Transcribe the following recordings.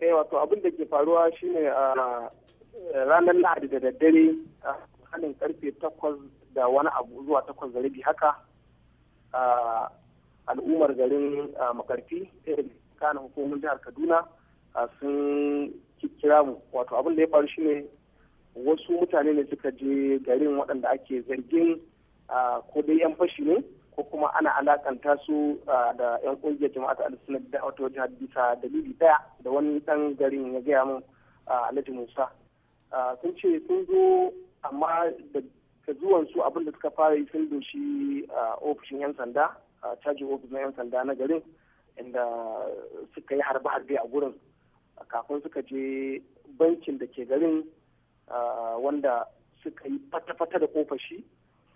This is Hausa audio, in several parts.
eh wato abin da ke faruwa shine a ranar lahadi da daddare a hannun karfe takwas da wani abu zuwa takwas da rabi haka al'ummar garin makarfi kanin hukumar jihar kaduna sun kira mu wato abin da ya faru shine wasu mutane ne suka je garin waɗanda ake zargin ko dai yan fashi ne ko kuma ana alakanta su da yan kungiyar jama'a ta alisuna da wata wajen bisa dalili daya da wani dan garin ya gaya min alhaji musa sun ce sun zo amma da zuwan su abin da suka fara yi sun doshi ofishin yan sanda caji ofishin yan sanda na garin inda suka yi harbe-harbe a gurin kafin suka je bankin da ke garin wanda suka yi fata-fata da kofashi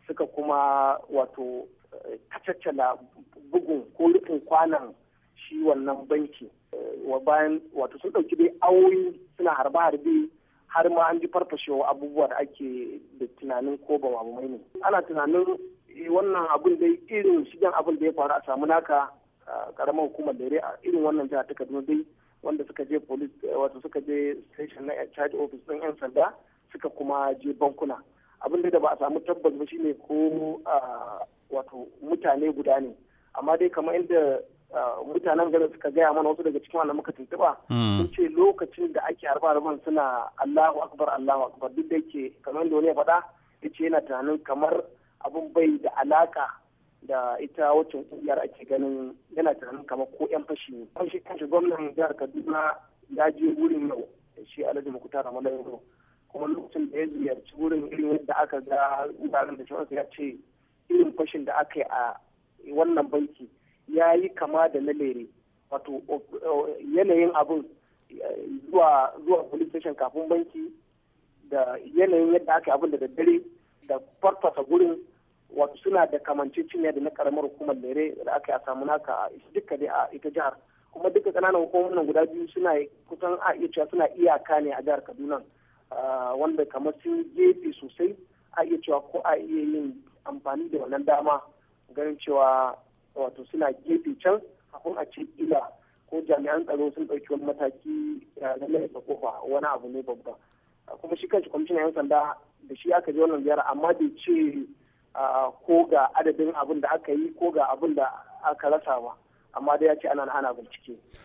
suka kuma wato eh, kacaccala bugun ko rufin kwanan shi wannan banki eh, bayan wato sun ɗauki dai awoyi suna harba harbe har ma an ji farfashewa abubuwa da ake da tunanin ko ba mamamai ne ana tunanin eh, wannan abin dai irin shigan abin da ya faru a samu naka karamar hukumar dare a irin wannan jihar ta kaduna dai wanda suka je police wato suka je station na charge office din yan sanda suka kuma je bankuna abin da ba a samu tabbas ba shine ko wato mutane guda ne amma dai kamar inda mutanen garin suka gaya mana wasu daga cikin wannan muka tuntuba hmm. sun ce lokacin da ake harba harban suna allahu akbar allahu akbar duk da yake kamar da wani faɗa yace yana tunanin kamar abun bai da alaka da ita wacce kungiyar ake ganin yana tunanin kamar ko yan fashi ne kan shi shi gwamnan jihar kaduna ya je wurin yau shi alhaji mukutar ramadan yau kuma lokacin da ya ziyarci wurin irin yadda aka ga wuraren da shawarar ya ce irin fashin da aka yi a wannan banki ya yi kama da na lere wato yanayin abin eh, zuwa zuwa police station kafin banki da yanayin yadda aka abin da daddare da farfasa gurin wato suna da kamanceceniya da na karamar hukumar lere da aka yi a samu naka duka dai a ita jihar kuma duka ƙananan hukumomin guda biyu suna kusan a iya cewa suna iyaka ne a jihar kaduna wanda kamar sun gefe sosai a iya cewa ko a iya yin amfani da wannan dama ganin cewa wato suna gefe can kafin a ce ila ko jami'an tsaro sun ɗauki wani mataki na mai da kofa wani abu ne babba kuma shi kanshi kwamishin yan sanda da shi aka je wannan ziyara amma bai ce ko ga adadin abin da aka yi ko ga abin da aka rasa ba amma dai ya ce ana ana bincike